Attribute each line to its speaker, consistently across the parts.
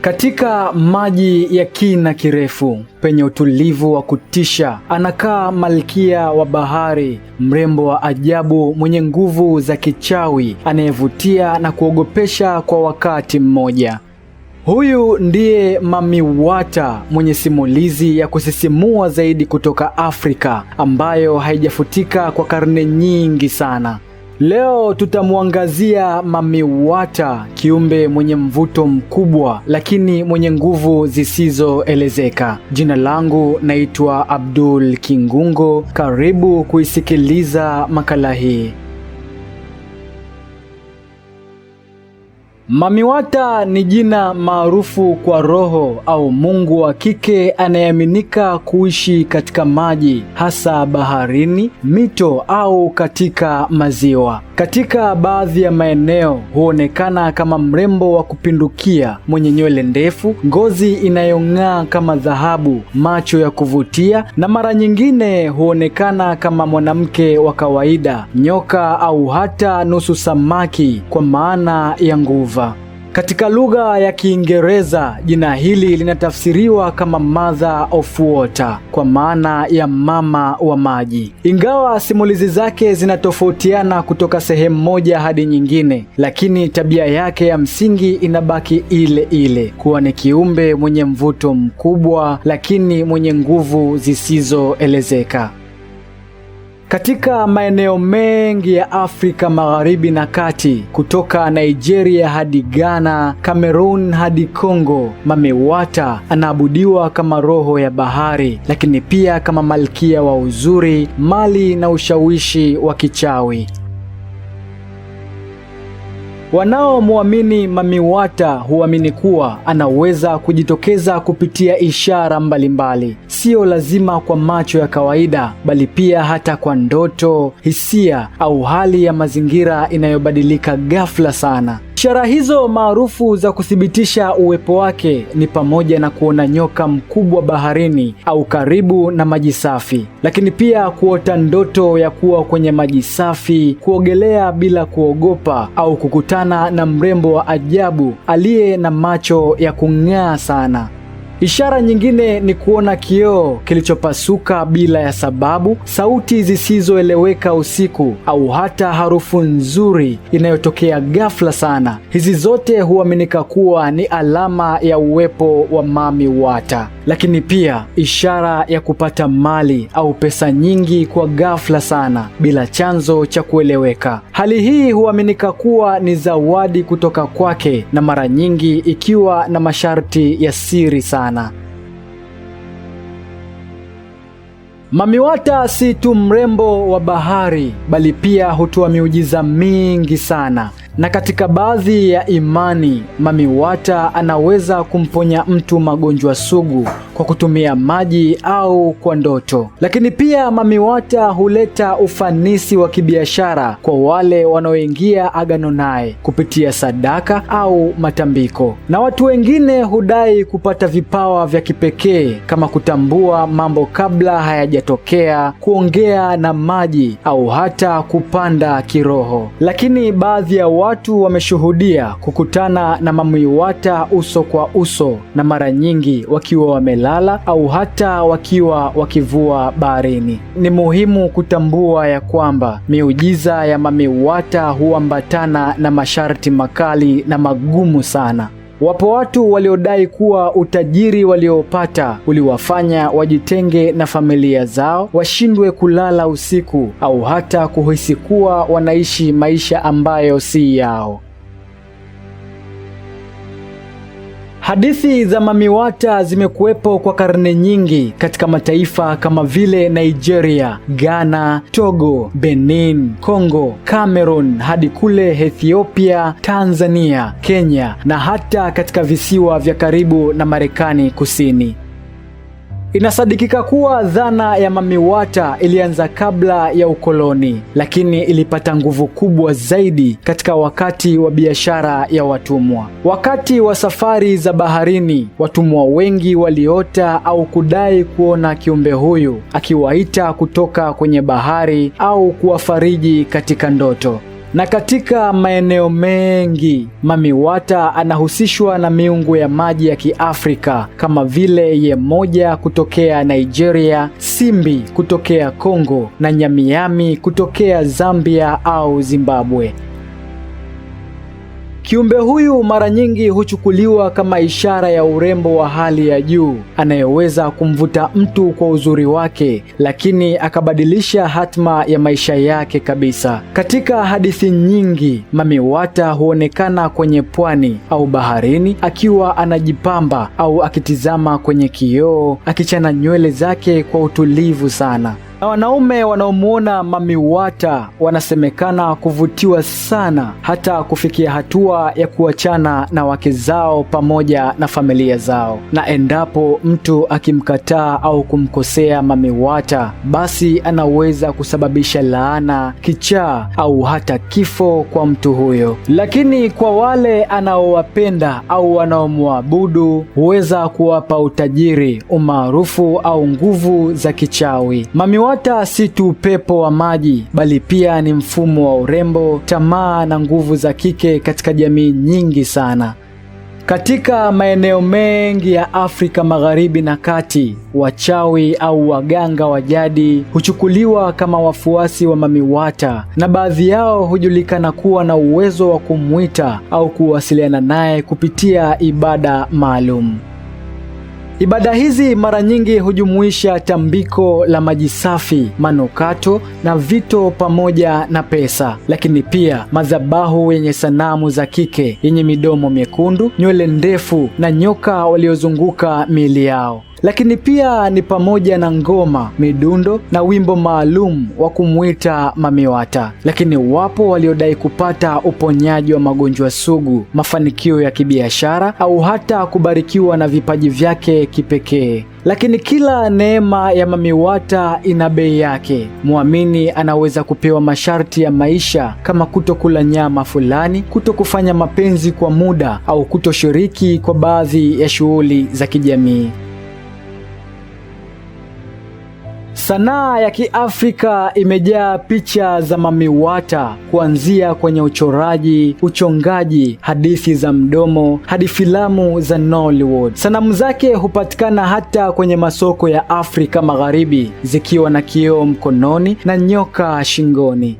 Speaker 1: Katika maji ya kina kirefu penye utulivu wa kutisha, anakaa malkia wa bahari, mrembo wa ajabu, mwenye nguvu za kichawi, anayevutia na kuogopesha kwa wakati mmoja. Huyu ndiye Mamiwata, mwenye simulizi ya kusisimua zaidi kutoka Afrika, ambayo haijafutika kwa karne nyingi sana. Leo tutamwangazia Mami Wata, kiumbe mwenye mvuto mkubwa lakini mwenye nguvu zisizoelezeka. Jina langu naitwa Abdul Kingungo, karibu kuisikiliza makala hii. Mamiwata ni jina maarufu kwa roho au mungu wa kike anayeaminika kuishi katika maji, hasa baharini, mito au katika maziwa. Katika baadhi ya maeneo huonekana kama mrembo wa kupindukia mwenye nywele ndefu, ngozi inayong'aa kama dhahabu, macho ya kuvutia na mara nyingine huonekana kama mwanamke wa kawaida, nyoka au hata nusu samaki kwa maana ya nguvu. Eva. Katika lugha ya Kiingereza jina hili linatafsiriwa kama mother of water, kwa maana ya mama wa maji. Ingawa simulizi zake zinatofautiana kutoka sehemu moja hadi nyingine, lakini tabia yake ya msingi inabaki ile ile, kuwa ni kiumbe mwenye mvuto mkubwa, lakini mwenye nguvu zisizoelezeka. Katika maeneo mengi ya Afrika Magharibi na Kati, kutoka Nigeria hadi Ghana, Cameroon hadi Kongo, Mamewata anaabudiwa kama roho ya bahari, lakini pia kama malkia wa uzuri, mali na ushawishi wa kichawi. Wanaomwamini Mamiwata huamini kuwa anaweza kujitokeza kupitia ishara mbalimbali mbali sio lazima kwa macho ya kawaida, bali pia hata kwa ndoto, hisia au hali ya mazingira inayobadilika ghafla sana. Ishara hizo maarufu za kuthibitisha uwepo wake ni pamoja na kuona nyoka mkubwa baharini au karibu na maji safi, lakini pia kuota ndoto ya kuwa kwenye maji safi, kuogelea bila kuogopa au kukutana na mrembo wa ajabu aliye na macho ya kung'aa sana. Ishara nyingine ni kuona kioo kilichopasuka bila ya sababu, sauti zisizoeleweka usiku, au hata harufu nzuri inayotokea ghafla sana. Hizi zote huaminika kuwa ni alama ya uwepo wa Mami Wata, lakini pia ishara ya kupata mali au pesa nyingi kwa ghafla sana bila chanzo cha kueleweka. Hali hii huaminika kuwa ni zawadi kutoka kwake, na mara nyingi ikiwa na masharti ya siri sana sana. Mamiwata si tu mrembo wa bahari, bali pia hutoa miujiza mingi sana, na katika baadhi ya imani, Mamiwata anaweza kumponya mtu magonjwa sugu kwa kutumia maji au kwa ndoto. Lakini pia mamiwata huleta ufanisi wa kibiashara kwa wale wanaoingia agano naye kupitia sadaka au matambiko, na watu wengine hudai kupata vipawa vya kipekee kama kutambua mambo kabla hayajatokea, kuongea na maji au hata kupanda kiroho. Lakini baadhi ya watu wameshuhudia kukutana na mamiwata uso kwa uso na mara nyingi wakiwa wamelala wakilala au hata wakiwa wakivua baharini. Ni muhimu kutambua ya kwamba miujiza ya Wata huambatana na masharti makali na magumu sana. Wapo watu waliodai kuwa utajiri waliopata uliwafanya wajitenge na familia zao, washindwe kulala usiku au hata kuhisi kuwa wanaishi maisha ambayo si yao. Hadithi za mamiwata zimekuwepo kwa karne nyingi katika mataifa kama vile Nigeria, Ghana, Togo, Benin, congo Cameroon hadi kule Ethiopia, Tanzania, Kenya na hata katika visiwa vya karibu na Marekani Kusini. Inasadikika kuwa dhana ya mamiwata ilianza kabla ya ukoloni, lakini ilipata nguvu kubwa zaidi katika wakati wa biashara ya watumwa. Wakati wa safari za baharini, watumwa wengi waliota au kudai kuona kiumbe huyu akiwaita kutoka kwenye bahari au kuwafariji katika ndoto na katika maeneo mengi mamiwata anahusishwa na miungu ya maji ya Kiafrika kama vile Yemoja kutokea Nigeria, Simbi kutokea Kongo na Nyamiami kutokea Zambia au Zimbabwe. Kiumbe huyu mara nyingi huchukuliwa kama ishara ya urembo wa hali ya juu anayeweza kumvuta mtu kwa uzuri wake, lakini akabadilisha hatma ya maisha yake kabisa. Katika hadithi nyingi, mamiwata huonekana kwenye pwani au baharini akiwa anajipamba au akitizama kwenye kioo, akichana nywele zake kwa utulivu sana na wanaume wanaomuona Mami Wata wanasemekana kuvutiwa sana hata kufikia hatua ya kuachana na wake zao pamoja na familia zao. Na endapo mtu akimkataa au kumkosea Mami Wata, basi anaweza kusababisha laana, kichaa au hata kifo kwa mtu huyo. Lakini kwa wale anaowapenda au wanaomwabudu, huweza kuwapa utajiri, umaarufu au nguvu za kichawi Mami Kufuata si tu upepo wa maji, bali pia ni mfumo wa urembo, tamaa na nguvu za kike katika jamii nyingi sana. Katika maeneo mengi ya Afrika Magharibi na Kati, wachawi au waganga wa jadi huchukuliwa kama wafuasi wa mamiwata, na baadhi yao hujulikana kuwa na uwezo wa kumwita au kuwasiliana naye kupitia ibada maalum. Ibada hizi mara nyingi hujumuisha tambiko la maji safi, manukato na vito pamoja na pesa, lakini pia madhabahu yenye sanamu za kike yenye midomo myekundu, nywele ndefu na nyoka waliozunguka miili yao lakini pia ni pamoja na ngoma, midundo na wimbo maalum wa kumwita Mamiwata. Lakini wapo waliodai kupata uponyaji wa magonjwa sugu, mafanikio ya kibiashara au hata kubarikiwa na vipaji vyake kipekee. Lakini kila neema ya Mamiwata ina bei yake. Mwamini anaweza kupewa masharti ya maisha kama kutokula nyama fulani, kutokufanya mapenzi kwa muda, au kutoshiriki kwa baadhi ya shughuli za kijamii. Sanaa ya Kiafrika imejaa picha za mamiwata, kuanzia kwenye uchoraji, uchongaji, hadithi za mdomo hadi filamu za Nollywood. Sanamu zake hupatikana hata kwenye masoko ya Afrika Magharibi, zikiwa na kioo mkononi na nyoka shingoni.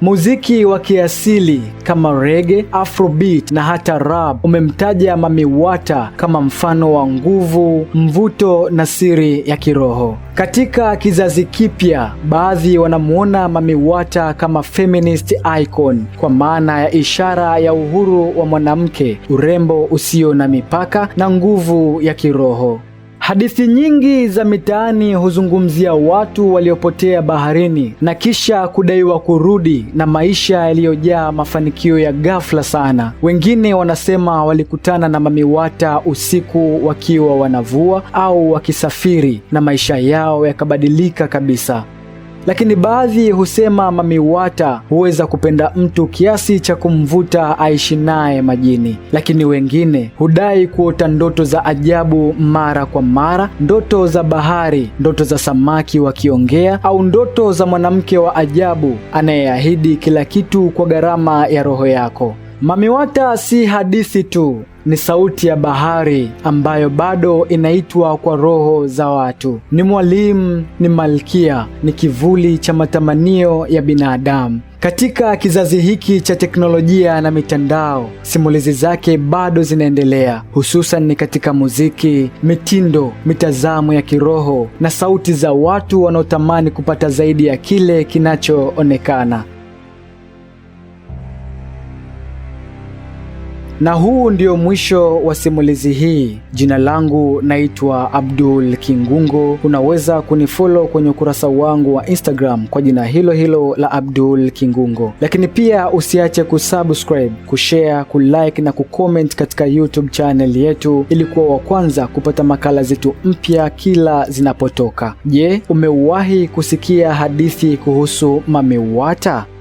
Speaker 1: Muziki wa kiasili kama reggae, afrobeat na hata rap umemtaja Mami Wata kama mfano wa nguvu, mvuto na siri ya kiroho. Katika kizazi kipya, baadhi wanamwona Mami Wata kama feminist icon kwa maana ya ishara ya uhuru wa mwanamke, urembo usio na mipaka na nguvu ya kiroho. Hadithi nyingi za mitaani huzungumzia watu waliopotea baharini na kisha kudaiwa kurudi na maisha yaliyojaa mafanikio ya ghafla sana. Wengine wanasema walikutana na mamiwata usiku wakiwa wanavua au wakisafiri na maisha yao yakabadilika kabisa lakini baadhi husema mamiwata huweza kupenda mtu kiasi cha kumvuta aishi naye majini, lakini wengine hudai kuota ndoto za ajabu mara kwa mara, ndoto za bahari, ndoto za samaki wakiongea, au ndoto za mwanamke wa ajabu anayeahidi kila kitu kwa gharama ya roho yako. Mamiwata si hadithi tu, ni sauti ya bahari ambayo bado inaitwa kwa roho za watu. Ni mwalimu, ni malkia, ni kivuli cha matamanio ya binadamu. Katika kizazi hiki cha teknolojia na mitandao, simulizi zake bado zinaendelea, hususan ni katika muziki, mitindo, mitazamo ya kiroho na sauti za watu wanaotamani kupata zaidi ya kile kinachoonekana. Na huu ndio mwisho wa simulizi hii. Jina langu naitwa Abdul Kingungo. Unaweza kunifollow kwenye ukurasa wangu wa Instagram kwa jina hilo hilo la Abdul Kingungo, lakini pia usiache kusubscribe, kushare, kulike na kucomment katika YouTube channel yetu ili kuwa wa kwanza kupata makala zetu mpya kila zinapotoka. Je, umewahi kusikia hadithi kuhusu mamiwata?